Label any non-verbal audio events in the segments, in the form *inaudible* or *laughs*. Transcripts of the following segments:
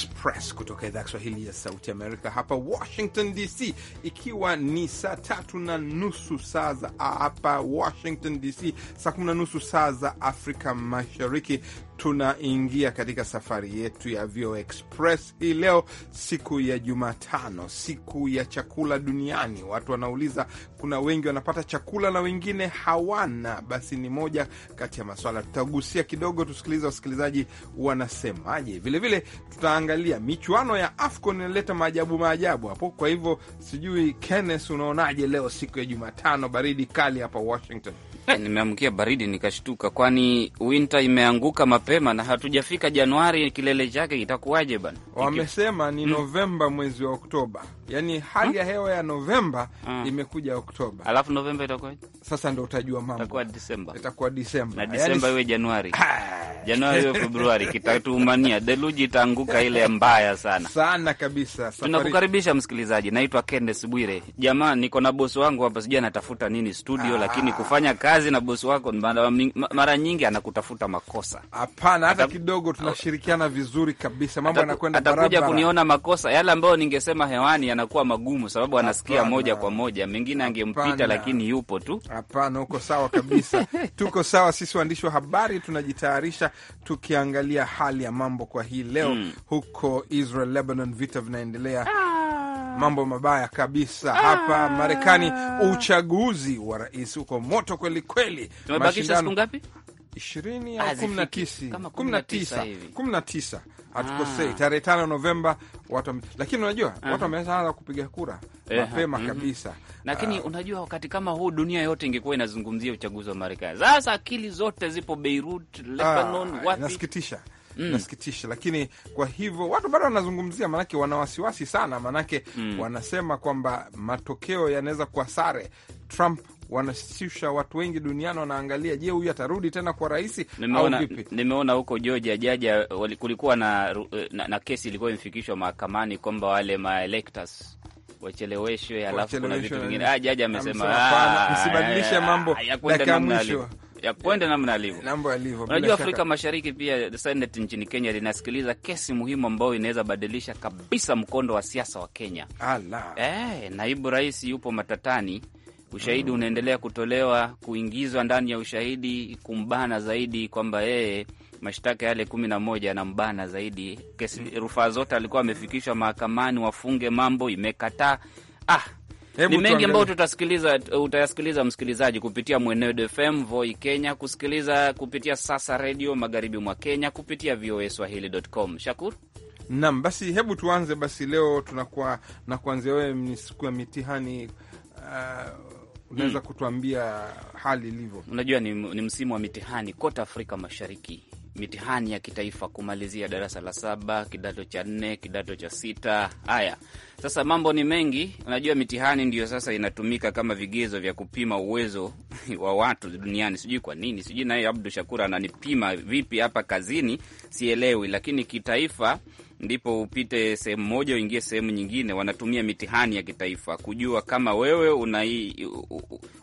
Express kutoka idhaa ya Kiswahili ya Sauti Amerika hapa Washington DC, ikiwa ni saa tatu na nusu saa za hapa Washington DC, saa kumi na nusu saa za Afrika Mashariki. Tunaingia katika safari yetu ya VOA Express hii leo, siku ya Jumatano, siku ya chakula duniani. Watu wanauliza, kuna wengi wanapata chakula na wengine hawana. Basi ni moja kati ya maswala tutagusia kidogo, tusikiliza wasikilizaji wanasemaje. Vilevile tutaanga ukiangalia michuano ya AFCON inaleta maajabu maajabu hapo. Kwa hivyo sijui Kenneth, unaonaje leo siku ya Jumatano baridi kali hapa Washington? Nimeamkia baridi nikashtuka, kwani winta imeanguka mapema na hatujafika Januari kilele chake, itakuwaje bana? Wamesema ni hmm, Novemba mwezi wa Oktoba, yaani hali ya mm. hewa ya Novemba hmm, imekuja Oktoba, alafu Novemba itakuwaje? Sasa ndo utajua mambo, itakuwa Disemba, itakuwa Disemba na yaani Disemba iwe yani... Januari ah. Januari iwe Februari, kitatuumania deluji itaanguka ile mbaya sana sana kabisa. Tunakukaribisha msikilizaji, naitwa Kennes Bwire. Jamaa, niko na bosi wangu hapa, sijui anatafuta nini studio, ah. lakini kufanya kazi kazi na bosi wako mara nyingi anakutafuta makosa. Hapana hata Atab... kidogo. Tunashirikiana vizuri kabisa, mambo yanakwenda barabara. Atakuja kuniona makosa yale ambayo ningesema hewani yanakuwa magumu, sababu anasikia moja kwa moja, mengine angempita, lakini yupo tu. Hapana, uko sawa kabisa. *laughs* Tuko sawa sisi waandishi wa habari, tunajitayarisha tukiangalia hali ya mambo kwa hii leo hmm. Huko Israel Lebanon, vita vinaendelea ah mambo mabaya kabisa ah. Hapa Marekani uchaguzi wa rais uko moto kweli kweli, tumebakisha siku ngapi? ishirini au kumi na tisa kumi na tisa hatukosei, ah. tarehe tano Novemba watu, lakini unajua ah. watu wameanza kupiga kura eh, mapema mhm. kabisa. Lakini ah. unajua wakati kama huu dunia yote ingekuwa inazungumzia uchaguzi wa Marekani. Sasa akili zote zipo Beirut, Lebanon, wapi? Nasikitisha mm. Nasikitisha, lakini kwa hivyo watu bado wanazungumzia, maanake wana wasiwasi sana, maanake mm. wanasema kwamba matokeo yanaweza kuwa sare. Trump wanasusha watu wengi duniani, wanaangalia, je, huyu atarudi tena kwa rais au vipi? Nimeona huko Georgia jaja kulikuwa na, na, na kesi ilikuwa imefikishwa mahakamani kwamba wale maelectors wacheleweshwe, alafu kuna vitu vingine. Jaja amesema msibadilishe mambo dakika mwisho ya yeah, namna alivyo alivyo. Unajua Afrika Mashariki pia Senate nchini Kenya linasikiliza kesi muhimu ambayo inaweza badilisha kabisa mkondo wa siasa wa Kenya. Ala. Eh, naibu rais yupo matatani ushahidi mm, unaendelea kutolewa kuingizwa ndani ya ushahidi kumbana zaidi kwamba yeye mashtaka yale kumi na moja yanambana zaidi kesi, mm, rufaa zote alikuwa amefikishwa mahakamani, wafunge mambo, imekataa. Ah, Hebu ni mengi ambayo tutasikiliza, utayasikiliza msikilizaji, kupitia Mwenedo FM Voi Kenya, kusikiliza kupitia Sasa Redio magharibi mwa Kenya, kupitia VOA Swahili.com. Shakur nam, basi hebu tuanze basi. Leo tunakuwa na kuanzia wewe, ni siku ya mitihani uh, unaweza hmm, kutuambia hali ilivyo? Unajua ni, ni msimu wa mitihani kote Afrika Mashariki mitihani ya kitaifa kumalizia darasa la saba, kidato cha nne, kidato cha sita. Haya sasa, mambo ni mengi. Unajua, mitihani ndiyo sasa inatumika kama vigezo vya kupima uwezo *laughs* wa watu duniani. Sijui kwa nini, sijui naye Abdu Shakur ananipima vipi hapa kazini, sielewi. Lakini kitaifa ndipo upite sehemu moja uingie sehemu nyingine, wanatumia mitihani ya kitaifa kujua kama wewe una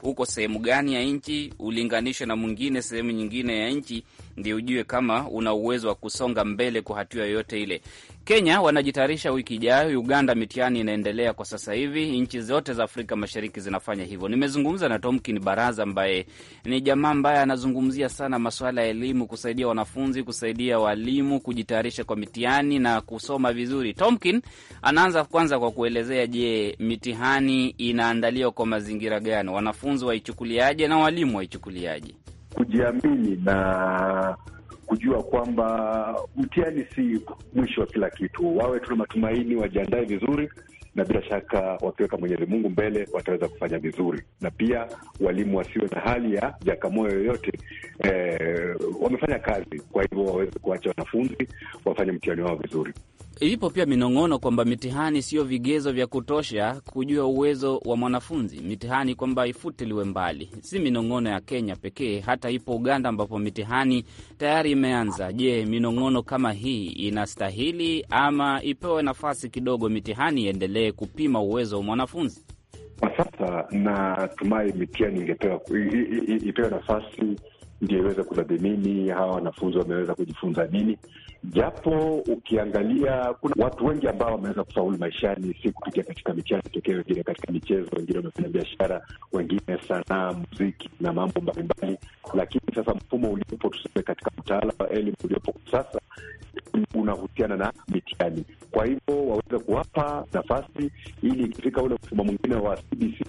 uko sehemu gani ya nchi, ulinganishwe na mwingine sehemu nyingine ya nchi ndio ujue kama una uwezo wa kusonga mbele kwa hatua yoyote ile. Kenya wanajitayarisha wiki ijayo, Uganda mitihani inaendelea kwa sasa hivi. Nchi zote za Afrika Mashariki zinafanya hivyo. Nimezungumza na Tomkin Baraza ambaye ni jamaa ambaye anazungumzia sana masuala ya elimu, kusaidia wanafunzi, kusaidia walimu kujitayarisha kwa mitihani na kusoma vizuri. Tomkin anaanza kwanza kwa kuelezea, je, mitihani inaandaliwa kwa mazingira gani? Wanafunzi waichukuliaje na walimu waichukuliaje? kujiamini na kujua kwamba mtihani si mwisho wa kila kitu. Wawe tuna matumaini, wajiandae vizuri, na bila shaka wakiweka Mwenyezi Mungu mbele wataweza kufanya vizuri, na pia walimu wasiwe na hali ya jakamoyo yoyote. Eh, wamefanya kazi, kwa hivyo waweze kuacha wanafunzi wafanye mtihani wao vizuri. Ipo pia minong'ono kwamba mitihani siyo vigezo vya kutosha kujua uwezo wa mwanafunzi, mitihani kwamba ifutiliwe mbali. Si minong'ono ya Kenya pekee, hata ipo Uganda ambapo mitihani tayari imeanza. Je, minong'ono kama hii inastahili ama ipewe nafasi kidogo, mitihani iendelee kupima uwezo wa mwanafunzi? Kwa sasa natumai mitihani ingepewa ipewe nafasi ndio iweze kutathimini hawa wanafunzi wameweza kujifunza nini, japo ukiangalia kuna watu wengi ambao wameweza kufaulu maishani, si kupitia katika michezo pekee, wengine katika michezo, wengine wamefanya biashara, wengine sanaa, muziki na mambo mbalimbali. Lakini sasa mfumo uliopo, tuseme, katika mtaala wa elimu uliopo kwa sasa unahusiana na mitihani, kwa hivyo waweze kuwapa nafasi ili ikifika ule mfumo mwingine wa CBC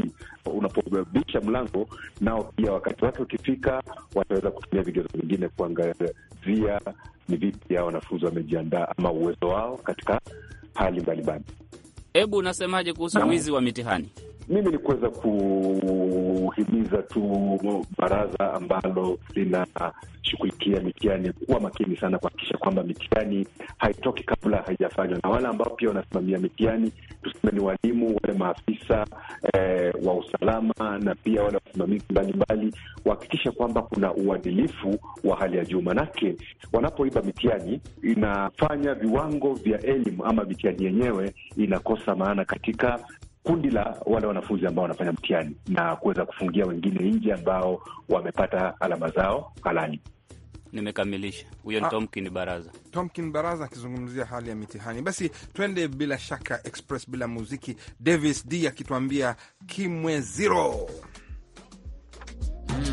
unapobisha mlango, nao pia wakati wake ukifika wataweza kutumia vigezo vingine kuangazia ni vipi hao wanafunzi wamejiandaa ama uwezo wao katika hali mbalimbali. Hebu unasemaje kuhusu wizi wa mitihani? Mimi ni kuweza kuhimiza tu baraza ambalo linashughulikia mitihani kuwa makini sana kuhakikisha kwamba mitihani haitoki kabla haijafanywa, na wale ambao pia wanasimamia mitihani, tuseme ni walimu, wale maafisa eh, wa usalama na pia wale wasimamizi mbalimbali, wahakikisha kwamba kuna uadilifu wa hali ya juu, manake wanapoiba mitihani inafanya viwango vya elimu ama mitihani yenyewe inakosa maana katika kundi la wale wanafunzi ambao wanafanya mtihani na kuweza kufungia wengine nje ambao wamepata alama zao halani. Nimekamilisha. Huyo ni ah. Tomkin Baraza, Tomkin Baraza akizungumzia hali ya mitihani. Basi twende bila shaka express bila muziki, Davis D akituambia kimwe zero. Hmm.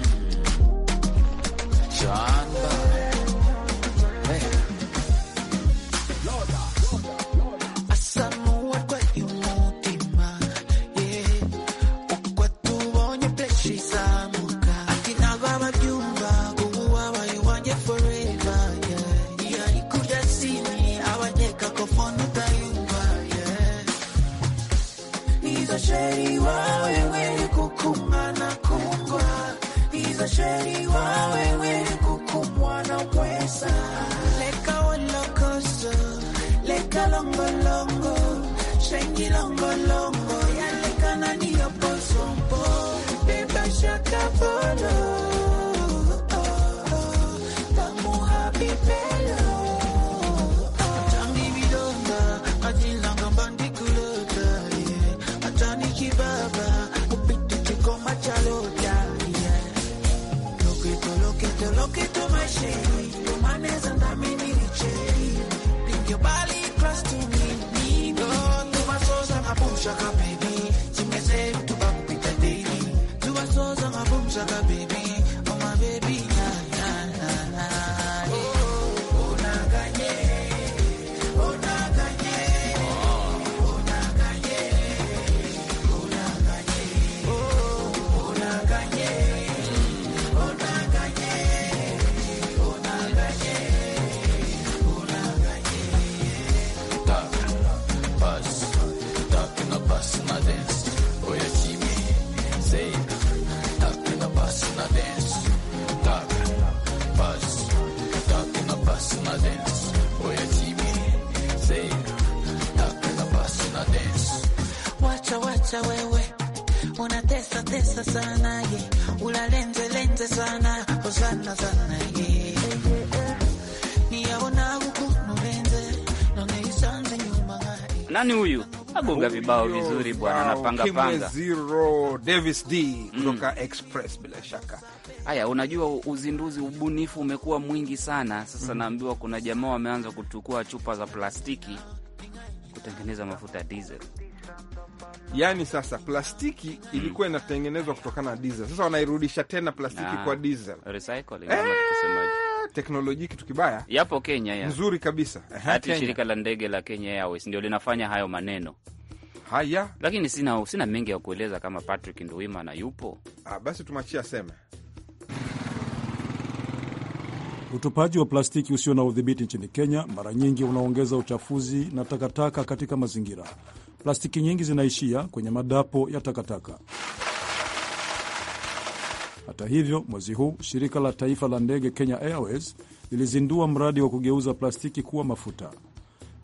Acha wewe unatesa tesa sana ye, ulalenze lenze sana hosana sana ye nani huyu agonga vibao vizuri bwana, anapanga panga. Zero Davis D kutoka mm, Express bila shaka. Haya, unajua uzinduzi, ubunifu umekuwa mwingi sana sasa. Mm, naambiwa kuna jamaa wameanza kuchukua chupa za plastiki kutengeneza mafuta diesel. Yaani sasa plastiki hmm. ilikuwa inatengenezwa kutokana na diesel, sasa wanairudisha tena plastiki na kwa ah, diesel recycling eh, teknolojia kitu kibaya. Yapo Kenya ya. Nzuri kabisa. Hata shirika la ndege la Kenya Airways ndio linafanya hayo maneno. Haya. Lakini sina sina mengi ya kueleza kama Patrick Nduima na yupo. Ah, basi tumachia sema. Utupaji wa plastiki usio na udhibiti nchini Kenya mara nyingi unaongeza uchafuzi na takataka katika mazingira plastiki nyingi zinaishia kwenye madapo ya takataka. Hata hivyo, mwezi huu shirika la taifa la ndege Kenya Airways lilizindua mradi wa kugeuza plastiki kuwa mafuta.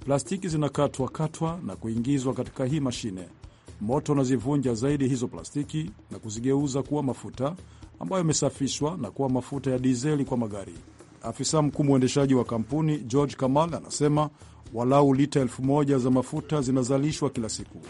Plastiki zinakatwa katwa na kuingizwa katika hii mashine. Moto unazivunja zaidi hizo plastiki na kuzigeuza kuwa mafuta ambayo imesafishwa na kuwa mafuta ya dizeli kwa magari. Afisa mkuu mwendeshaji wa kampuni George Kamal anasema Walau lita elfu moja za mafuta zinazalishwa kila siku.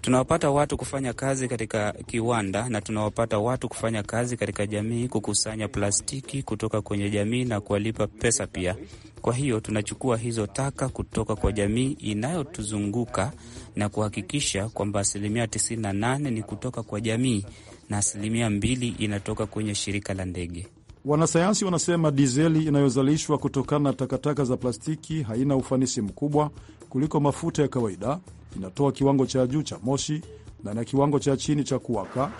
Tunawapata watu kufanya kazi katika kiwanda na tunawapata watu kufanya kazi katika jamii, kukusanya plastiki kutoka kwenye jamii na kuwalipa pesa pia. Kwa hiyo tunachukua hizo taka kutoka kwa jamii inayotuzunguka na kuhakikisha kwamba asilimia 98 ni kutoka kwa jamii na asilimia mbili inatoka kwenye shirika la ndege. Wanasayansi wanasema dizeli inayozalishwa kutokana na takataka za plastiki haina ufanisi mkubwa kuliko mafuta ya kawaida, inatoa kiwango cha juu cha moshi na na kiwango cha chini cha kuwaka,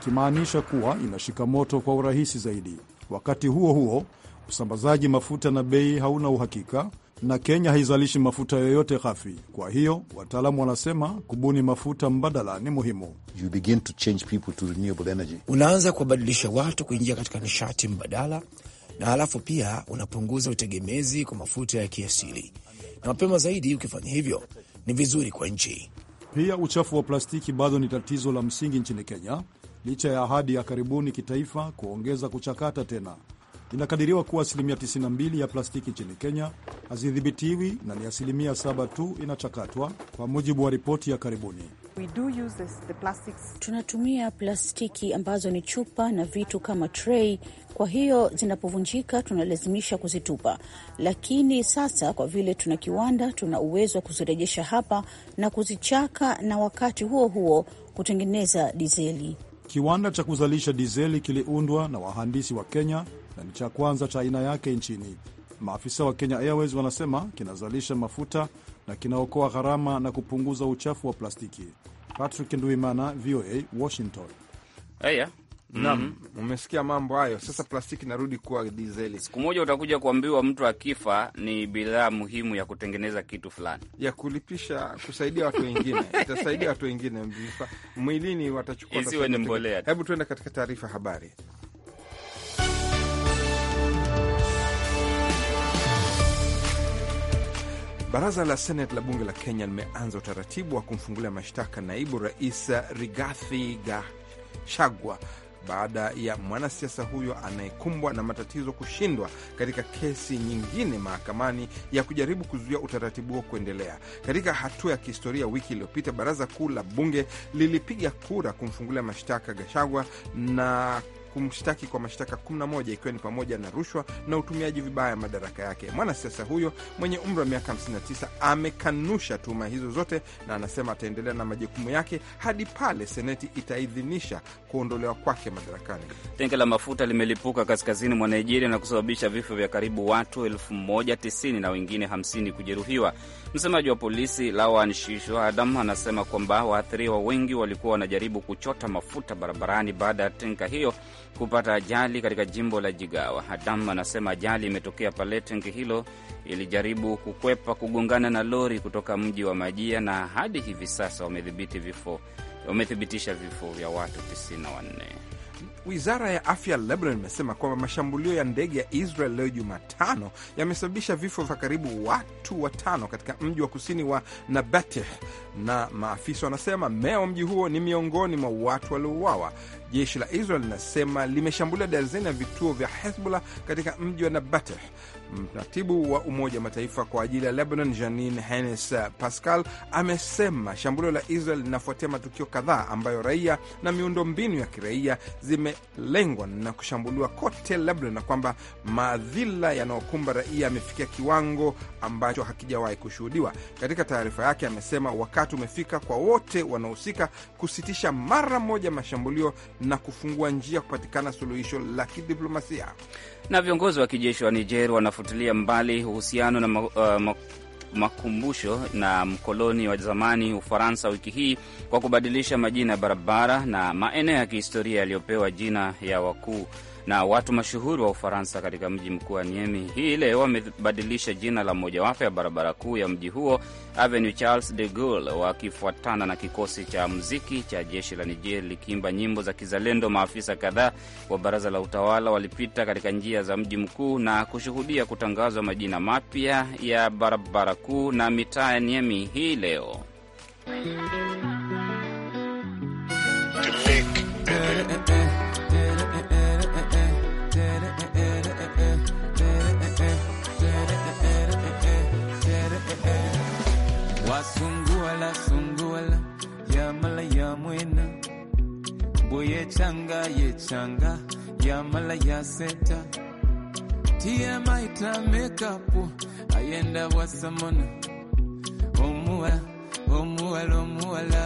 ikimaanisha kuwa inashika moto kwa urahisi zaidi. Wakati huo huo, usambazaji mafuta na bei hauna uhakika, na Kenya haizalishi mafuta yoyote ghafi. Kwa hiyo wataalamu wanasema kubuni mafuta mbadala ni muhimu. You begin to change people to renewable energy. Unaanza kuwabadilisha watu kuingia katika nishati mbadala, na halafu pia unapunguza utegemezi kwa mafuta ya kiasili, na mapema zaidi ukifanya hivyo ni vizuri kwa nchi. Pia uchafu wa plastiki bado ni tatizo la msingi nchini Kenya licha ya ahadi ya karibuni kitaifa kuongeza kuchakata tena Inakadiriwa kuwa asilimia 92 ya plastiki nchini Kenya hazidhibitiwi na ni asilimia 7 tu inachakatwa, kwa mujibu wa ripoti ya karibuni. We do use this, the plastics. Tunatumia plastiki ambazo ni chupa na vitu kama trei, kwa hiyo zinapovunjika tunalazimisha kuzitupa, lakini sasa kwa vile tuna kiwanda, tuna uwezo wa kuzirejesha hapa na kuzichaka na wakati huo huo kutengeneza dizeli. Kiwanda cha kuzalisha dizeli kiliundwa na wahandisi wa Kenya na ni cha kwanza cha aina yake nchini. Maafisa wa Kenya Airways wanasema kinazalisha mafuta na kinaokoa gharama na kupunguza uchafu wa plastiki. Patrick Nduimana, VOA, Washington. Haya, naam, mm -hmm. Umesikia mambo hayo. Sasa plastiki narudi kuwa dizeli. Siku moja utakuja kuambiwa mtu akifa ni bidhaa muhimu ya kutengeneza kitu fulani, ya kulipisha, kusaidia watu wengine *laughs* itasaidia watu wengine mwilini, watachukua isiwe ni mbolea. Hebu tuende katika taarifa habari. Baraza la Seneti la bunge la Kenya limeanza utaratibu wa kumfungulia mashtaka naibu rais Rigathi Gachagua baada ya mwanasiasa huyo anayekumbwa na matatizo kushindwa katika kesi nyingine mahakamani ya kujaribu kuzuia utaratibu huo kuendelea. Katika hatua ya kihistoria, wiki iliyopita baraza kuu la bunge lilipiga kura kumfungulia mashtaka gashagwa na kumshtaki kwa mashtaka 11 ikiwa ni pamoja na rushwa na utumiaji vibaya madaraka yake. Mwanasiasa huyo mwenye umri wa miaka 59 amekanusha tuhuma hizo zote na anasema ataendelea na majukumu yake hadi pale seneti itaidhinisha kuondolewa kwake madarakani. Tenke la mafuta limelipuka kaskazini mwa Nigeria na kusababisha vifo vya karibu watu 1090 na wengine 50 kujeruhiwa. Msemaji wa polisi Lawan Shisho Adam anasema kwamba waathiriwa wengi walikuwa wanajaribu kuchota mafuta barabarani baada ya tenka hiyo kupata ajali katika jimbo la Jigawa. Adam anasema ajali imetokea pale tenki hilo ilijaribu kukwepa kugongana na lori kutoka mji wa Majia, na hadi hivi sasa wamethibitisha vifo vya watu 94. Wizara ya afya Lebanon imesema kwamba mashambulio ya ndege ya Israel leo Jumatano yamesababisha vifo vya karibu watu watano katika mji wa kusini wa Nabateh, na maafisa wanasema meya wa mji huo ni miongoni mwa watu waliouawa. Jeshi la Israel linasema limeshambulia dazeni ya vituo vya Hezbollah katika mji wa Nabateh. Mratibu wa Umoja wa Mataifa kwa ajili ya Lebanon, Janine Hennes Pascal, amesema shambulio la Israel linafuatia matukio kadhaa ambayo raia na miundo mbinu ya kiraia zimelengwa na kushambuliwa kote Lebanon, na kwamba madhila yanayokumba raia yamefikia kiwango ambacho hakijawahi kushuhudiwa. Katika taarifa yake amesema wakati umefika kwa wote wanaohusika kusitisha mara moja mashambulio na kufungua njia kupatikana suluhisho la kidiplomasia. Na viongozi wa kijeshi wa Niger wana kufutilia mbali uhusiano na uh, makumbusho na mkoloni wa zamani Ufaransa wiki hii kwa kubadilisha majina ya barabara na maeneo ya kihistoria yaliyopewa jina ya wakuu na watu mashuhuri wa Ufaransa katika mji mkuu wa Niemi hii leo wamebadilisha jina la mojawapo ya barabara kuu ya mji huo Avenue Charles de Gaulle, wakifuatana na kikosi cha muziki cha jeshi la Niger likiimba nyimbo za kizalendo. Maafisa kadhaa wa baraza la utawala walipita katika njia za mji mkuu na kushuhudia kutangazwa majina mapya ya barabara kuu na mitaa ya Niemi hii leo. Eh, eh, eh. Tanga ye changa ya mala ya seta tia maita makeup ayenda wasamona omuwala omuwala omuwala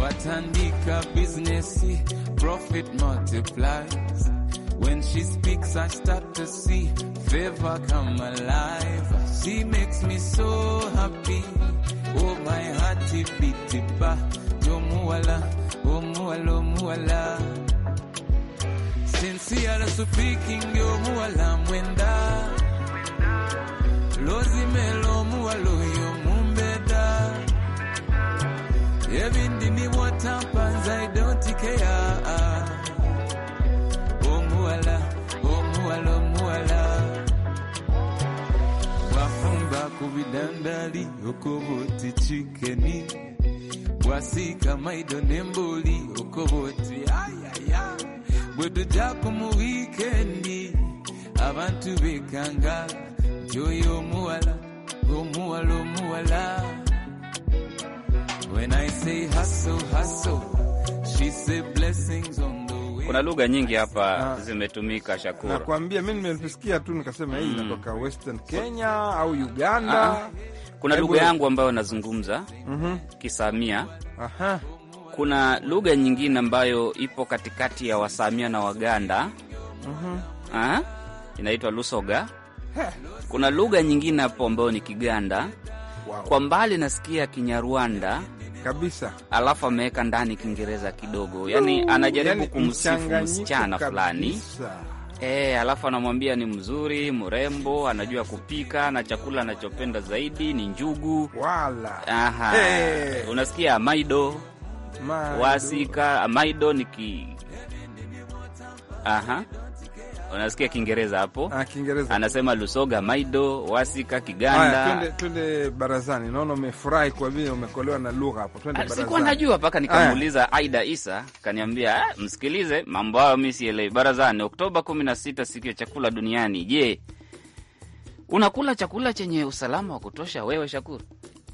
watandika bizinesi profit multiplies when she speaks I start to see favor come alive she makes me so happy oh my heart it beat it ba omuwala omuwala omuwala sensiyala supikingi omuwala mwenda lozimela omuwala oyo mumbeda ebindi niwatampanzaidotikeya omuwala omuwala omuwala wafumba kubidandali okobotichikeni basika maido nemboli okobotwe ayaya bwedu jako mu wikendi abantu bekanga joyo omuwala omuwala omuwala When I say hustle, hustle, she say blessings on the way. Kuna lugha nyingi hapa ah. zimetumika, Shakura. Nakwambia mimi nimesikia tu nikasema hii inatoka hmm. mm. Western Kenya au Uganda. Aa, ah, ah. kuna lugha yangu ambayo nazungumza mm -hmm. Kisamia Aha. Kuna lugha nyingine ambayo ipo katikati ya Wasamia na Waganda uh mhm. ah, -huh. inaitwa Lusoga Kuna lugha nyingine hapo ambayo ni Kiganda wow. Kwa mbali nasikia Kinyarwanda kabisa, alafu ameweka ndani Kiingereza kidogo, yani anajaribu yani kumsifu msichana fulani E, alafu anamwambia ni mzuri, mrembo, anajua kupika na chakula anachopenda zaidi ni njugu. Wala. Aha. Hey. Eh. Unasikia maido, maido. Wasika maido ki... Aha unasikia Kiingereza hapo ah, Kiingereza anasema Lusoga, Maido, Wasika, Kiganda. Haya, twende barazani. Naona umefurahi kwa vile umekolewa na lugha hapo, twende ah, barazani. Sikuwa najua mpaka nikamuuliza Aida Isa, kaniambia ah, msikilize, mambo hayo mi sielewi. Barazani Oktoba 16 siku ya chakula duniani. Je, unakula chakula chenye usalama wa kutosha wewe Shakuru?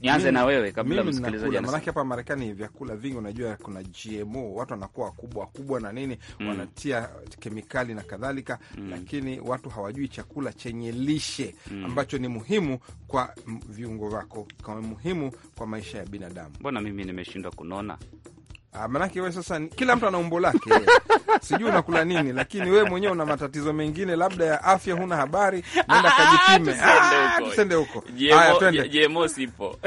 nianze na wewe kabla msikilizaji, maanake hapa Marekani vyakula vingi, unajua kuna GMO, watu wanakuwa wakubwa wakubwa na nini, mm. wanatia kemikali na kadhalika mm. lakini watu hawajui chakula chenye lishe mm. ambacho ni muhimu kwa viungo vyako, kwa muhimu kwa maisha ya binadamu. Mbona mimi nimeshindwa kunona? Ah, manake we sasa kila mtu ana umbo lake *laughs* sijui unakula nini, lakini we mwenyewe una matatizo mengine labda ya afya, huna habari, ah, ah, nenda kajipime. Tusende huko. Jemo sipo. *laughs*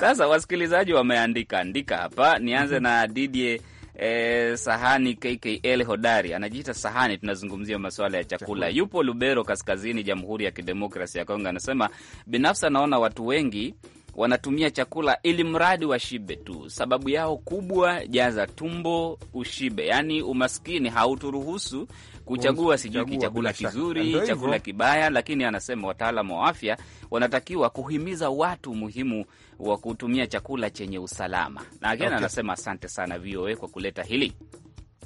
Sasa wasikilizaji wameandika andika hapa, nianze na Didie Eh, Sahani KKL hodari anajiita Sahani, tunazungumzia masuala ya chakula. Chakula yupo Lubero, kaskazini, Jamhuri ya Kidemokrasi ya Kongo, anasema binafsi anaona watu wengi wanatumia chakula ili mradi washibe tu. Sababu yao kubwa, jaza tumbo ushibe. Yaani umaskini hauturuhusu kuchagua sijui chakula kizuri, chakula kibaya, lakini anasema wataalam wa afya wanatakiwa kuhimiza watu umuhimu wa kutumia chakula chenye usalama. Na again, okay. Anasema asante sana VOA kwa kuleta hili.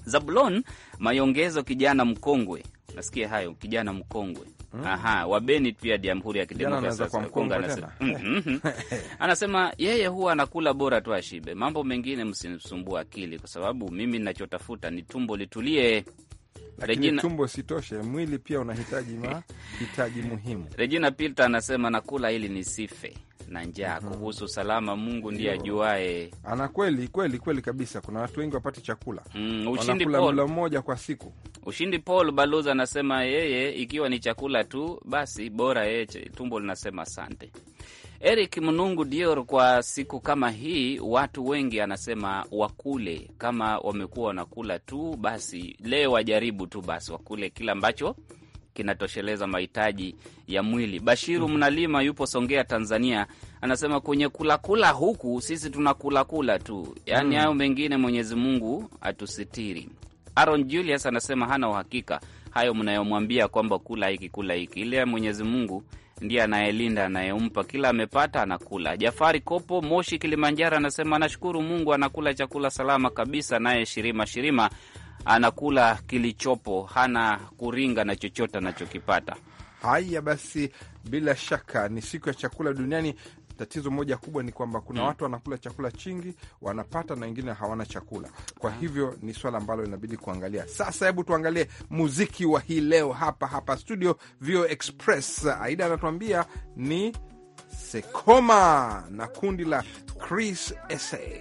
Zabulon Mayongezo, kijana mkongwe, nasikia hayo, kijana mkongwe Mm. Aha, Wabeni pia Jamhuri ya Kidemokrasia ya Kongo anasema, mhm, mhm. *laughs* anasema yeye huwa anakula bora tu ashibe, mambo mengine msinisumbua akili, kwa sababu mimi ninachotafuta ni tumbo litulie. Regina... tumbo sitoshe, mwili pia unahitaji mahitaji *laughs* muhimu. Regina Pilta anasema nakula ili nisife na njaa. mm -hmm. Kuhusu usalama Mungu ndiye ajuae. Ana kweli kweli kweli kabisa, kuna watu wengi wapate chakula mm, ushindi Paul, mlo mmoja kwa siku. Ushindi Paul balozi anasema yeye, ikiwa ni chakula tu basi bora yeye, tumbo linasema asante. Eric Mnungu Dior, kwa siku kama hii watu wengi anasema wakule, kama wamekuwa wanakula tu basi, leo wajaribu tu basi wakule kila ambacho kinatosheleza mahitaji ya mwili. Bashiru mm -hmm. Mnalima yupo Songea, Tanzania, anasema kwenye kulakula huku sisi tuna kulakula tu, yaani mhm. hayo mm, mengine Mwenyezi Mungu atusitiri. Aaron Julius anasema hana uhakika hayo mnayomwambia kwamba kula hiki kula hiki, ile Mwenyezi Mungu ndiye anayelinda anayempa, kila amepata anakula. Jafari Kopo, Moshi, Kilimanjaro, anasema anashukuru Mungu anakula chakula salama kabisa. Naye Shirima Shirima anakula kilichopo, hana kuringa na chochote anachokipata. Haya basi, bila shaka ni siku ya chakula duniani. Tatizo moja kubwa ni kwamba kuna hmm, watu wanakula chakula chingi wanapata, na wengine hawana chakula. Kwa ah. hivyo ni swala ambalo linabidi kuangalia. Sasa hebu tuangalie muziki wa hii leo hapa hapa studio Vio Express. Aida anatuambia ni Sekoma na kundi la Chris Essay.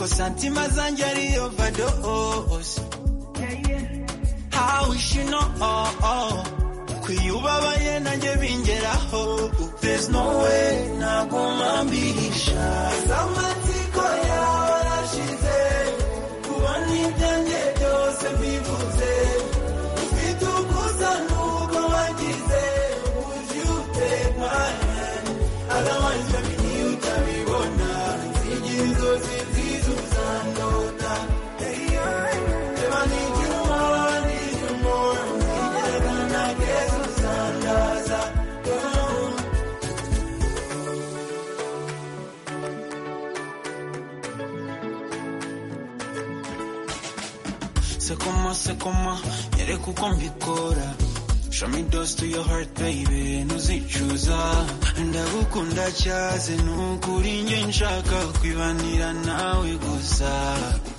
Ko santima zanjari overdose How is she no oh oh Kwiyubabaye nanjye bingeraho There's no way naguma mbihisha Amatsiko yawe arashize Kuba n'ibyanjye byose mbivuze koma se koma nyereka uko mbikora show me dose to your heart baby ntuzicuza ndagukunda cyaze nukuri nge nshaka kwibanira nawe gusa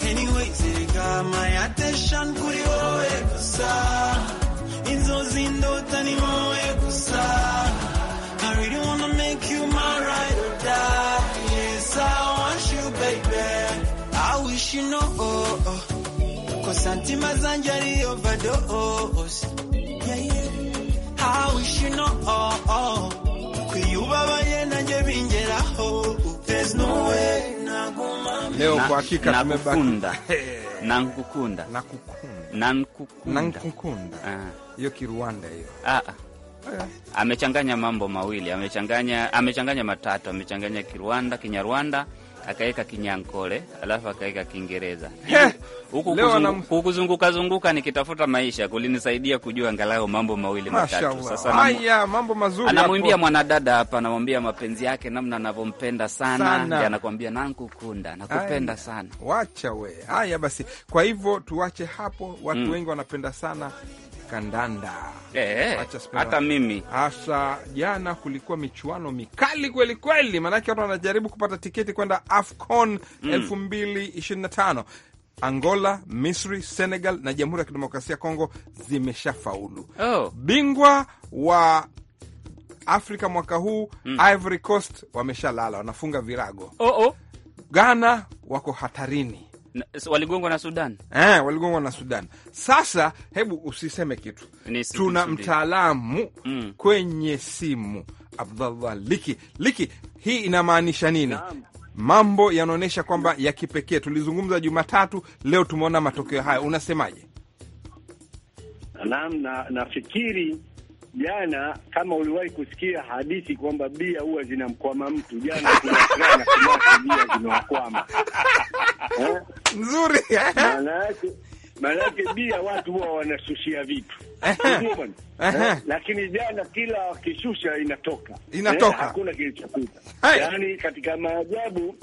anyway zereka my attention kuri wowe gusa inzozi ndota ni wowe gusa overdose. Yeah, yeah. Oh, oh. There's no way Leo kwa hakika *laughs* Nankukunda. Nankukunda. Nankukunda. Ah. Hiyo Kirwanda hiyo. Ah. Yeah. Eh. Amechanganya mambo mawili, amechanganya amechanganya matatu, amechanganya Kirwanda, Kinyarwanda akaweka Kinyankole alafu akaweka Kiingereza huku kuzungu, kuzunguka zunguka nikitafuta maisha kulinisaidia kujua angalau mambo mawili matatu. Sasa haya mambo mazuri, anamwimbia mwanadada hapa, anamwambia mapenzi yake namna anavyompenda sana, sana. Anakwambia nankukunda nakupenda sana, wacha we haya basi. Kwa hivyo tuwache hapo, watu mm. wengi wanapenda sana kandanda e, hata mimi hasa. Jana kulikuwa michuano mikali kweli kweli, maanake watu wanajaribu kupata tiketi kwenda AFCON mm. elfu mbili ishirini na tano. Angola, Misri, Senegal na Jamhuri ya Kidemokrasia ya Kongo zimeshafaulu. oh. bingwa wa Afrika mwaka huu mm. Ivory Coast wameshalala, wanafunga virago. oh, oh. Ghana wako hatarini waligongwa na Sudan eh, waligongwa na Sudan. Sasa hebu usiseme kitu, tuna mtaalamu mm, kwenye simu Abdallah Liki. Liki, hii inamaanisha nini? Naam. Mambo yanaonyesha kwamba ya kipekee. Tulizungumza Jumatatu, leo tumeona matokeo haya, unasemaje? Naam, na nafikiri Jana kama uliwahi kusikia hadithi kwamba bia huwa zinamkwama mtu, jana kuna sana bia zinawakwama nzuri. *laughs* Eh? bia watu huwa wanashushia vitu eh? lakini jana kila wakishusha inatoka inatoka, eh? hakuna kilichopita. Yani katika maajabu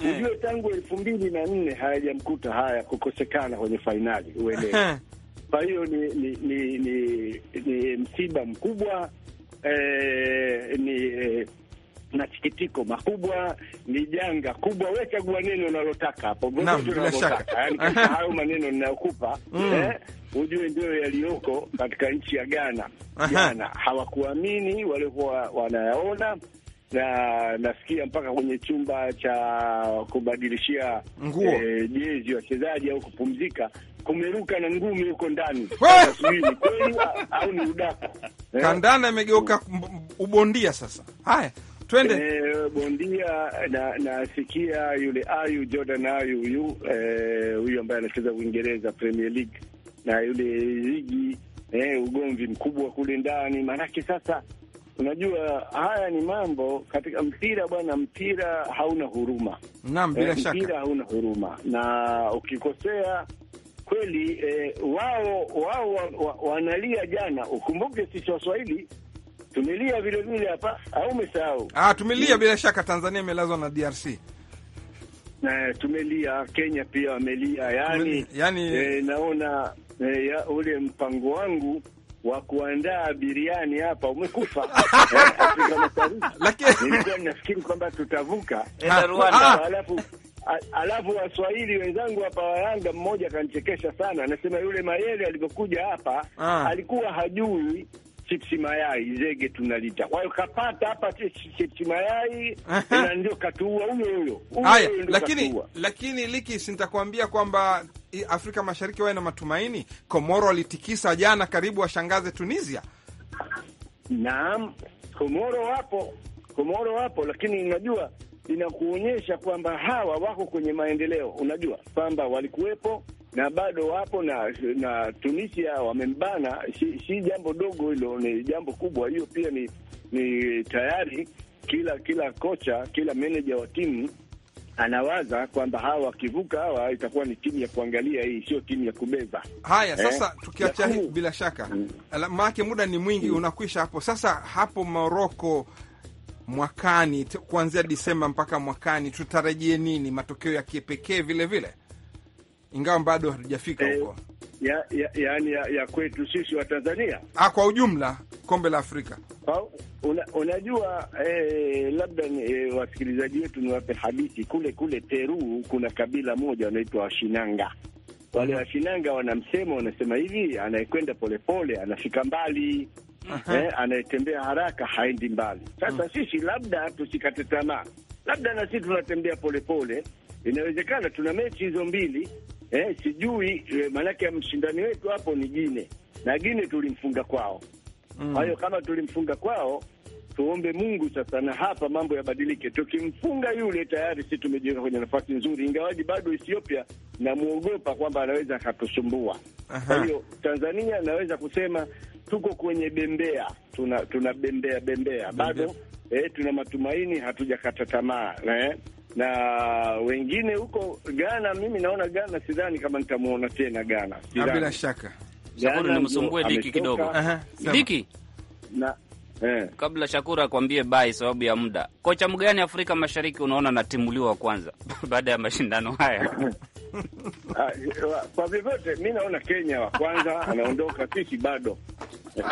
hmm. ujue, tangu elfu mbili na nne hayajamkuta haya kukosekana kwenye fainali, uelewe kwa hiyo ni ni, ni, ni ni msiba mkubwa eh, ni eh, masikitiko makubwa, ni janga kubwa. Wechagua neno unalotaka hapo, bila shaka yani *laughs* hayo maneno ninayokupa mm. eh, ujue ndio yaliyoko katika nchi ya Ghana. Ghana hawakuamini waliokuwa wanayaona na nasikia mpaka kwenye chumba cha kubadilishia nguo e, jezi wachezaji au kupumzika umeruka na ngumi huko ndani *laughs* au ni udaka? Eh? Kandanda imegeuka ubondia sasa. Haya, twende e, bondia na nasikia yule Ayu Jordan Ayu huyu e, eh, huyu ambaye anacheza Uingereza Premier League na yule ligi ugomvi mkubwa kule ndani, maanake sasa Unajua, haya ni mambo katika mpira bwana. Mpira hauna huruma. Naam, bila shaka mpira hauna huruma, na ukikosea kweli eh, wao wao wanalia wa, wa jana. Ukumbuke sisi Waswahili tumelia vile vile hapa, au umesahau? Ah, tumelia bila shaka. Tanzania imelazwa na DRC na eh, tumelia, Kenya pia wamelia. Yani, yani... Eh, naona eh, ya, ule mpango wangu wa kuandaa biriani hapa umekufa. *laughs* Eh, Afrika lakini nilikuwa ninafikiri kwamba tutavuka, ah, ah, alafu Alafu waswahili wenzangu hapa wa Yanga, mmoja akanichekesha sana, anasema yule Mayele alivyokuja hapa ah, alikuwa hajui chipsi mayai zege tunalita. Kwa hiyo kapata hapa chipsi mayai na ndio katuua huyo huyo. Haya, lakini lakini liki sintakwambia kwamba Afrika Mashariki wawe na matumaini. Komoro alitikisa jana, karibu washangaze Tunisia. Naam, Komoro wapo, Komoro wapo, lakini unajua inakuonyesha kwamba hawa wako kwenye maendeleo. Unajua kwamba walikuwepo na bado wapo na na Tunisia wamembana, si, si jambo dogo hilo, ni jambo kubwa. Hiyo pia ni ni tayari kila kila kocha kila meneja wa timu anawaza kwamba hawa wakivuka hawa itakuwa ni timu ya kuangalia, hii sio timu ya kubeba. Haya, eh? sasa eh, tukiacha bila shaka mm, maake muda ni mwingi mm, unakwisha hapo. Sasa hapo Moroko mwakani, kuanzia Disemba mpaka mwakani, tutarajie nini? Matokeo ya kipekee vilevile ingawa bado hatujafika eh, huko eh, ya, ya, yani ya, ya kwetu sisi wa Tanzania ah, kwa ujumla kombe la Afrika una, unajua eh, labda eh, wasikilizaji wetu niwape hadithi. Kule kule Peru kuna kabila moja wanaitwa Washinanga. Wale mm. Washinanga wana msemo, wanasema hivi, anayekwenda polepole anafika mbali eh, anayetembea haraka haendi mbali. Sasa -huh. Mm. sisi labda tusikate tamaa, labda na sisi tunatembea polepole, inawezekana tuna mechi hizo mbili eh, sijui eh, maanake ya mshindani wetu hapo ni Gine na Gine tulimfunga kwao mm. kwa hiyo mm. kama tulimfunga kwao, tuombe Mungu sasa na hapa mambo yabadilike. Tukimfunga yule tayari si tumejiweka kwenye nafasi nzuri, ingawaji bado Ethiopia namwogopa kwamba anaweza akatusumbua. Kwa hiyo Tanzania naweza kusema tuko kwenye bembea, tuna tuna bembea bembea bado eh, tuna matumaini, hatujakata tamaa eh? na wengine huko Ghana, mimi naona Ghana, sidhani kama nitamwona tena Ghana, ah, bila shaka nimsumbue Diki kidogo. Aha, Diki na eh, kabla Shakura akwambie bai sababu ya muda, kocha mgani Afrika Mashariki unaona natimuliwa kwanza *laughs* baada ya mashindano haya? Ah, kwa vyovyote mi naona Kenya wa kwanza *laughs* anaondoka, sisi bado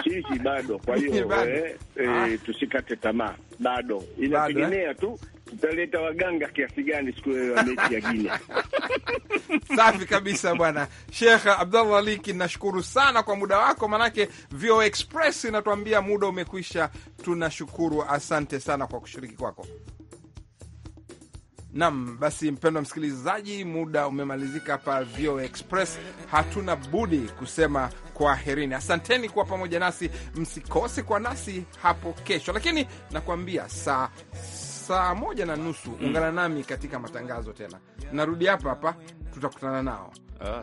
sisi bado. Kwa hiyo eh, eh ah. tusikate tamaa, bado inategemea eh? tu tutaleta waganga kiasi gani siku ya mechi ya Guinea. *laughs* Safi kabisa bwana Sheikh Abdallah Liki, nashukuru sana kwa muda wako, manake Vio Express inatuambia muda umekwisha. Tunashukuru, asante sana kwa kushiriki kwako. Nam basi, mpendwa msikilizaji, muda umemalizika hapa vo Express. Hatuna budi kusema kwaherini, asanteni kuwa pamoja nasi, msikose kwa nasi hapo kesho, lakini nakuambia saa saa moja na nusu mm, ungana nami katika matangazo tena. Narudi hapa hapa, tutakutana nao. Ah,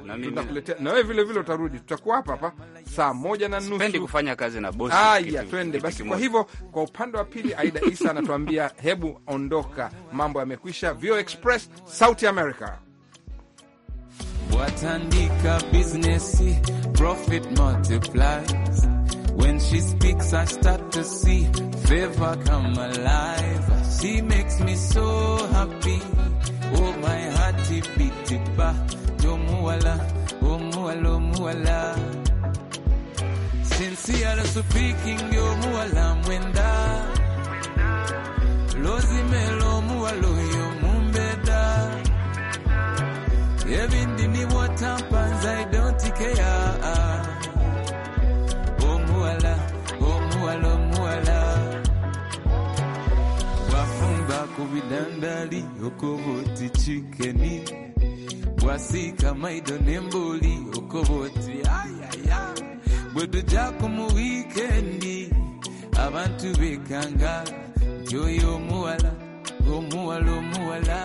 na wewe vile vile utarudi, tutakuwa hapa hapa saa moja na nusu. Sipendi kufanya kazi na bosi. Haya, twende basi. Kwa hivyo kwa upande wa pili, Aida Isa anatuambia hebu ondoka, mambo yamekwisha. Vio Express, Sauti America. Watandika business profit multiplies when she speaks I start to see favor come alive she makes me so happy oh my heart beat it back wala umuwala oh umuwala oh Sincerely speaking yomuwala mwenda lozimela omuwala oyo mumbeda ebindi ni watampanza i don't care omuwala oh omuwala omuwala wafumba ku bidandali okoba bwasika maido n'emboli okoboti ayaya bwe tujako mu wiikendi abantu bekanga yo oyo omuwala omuwala omuwala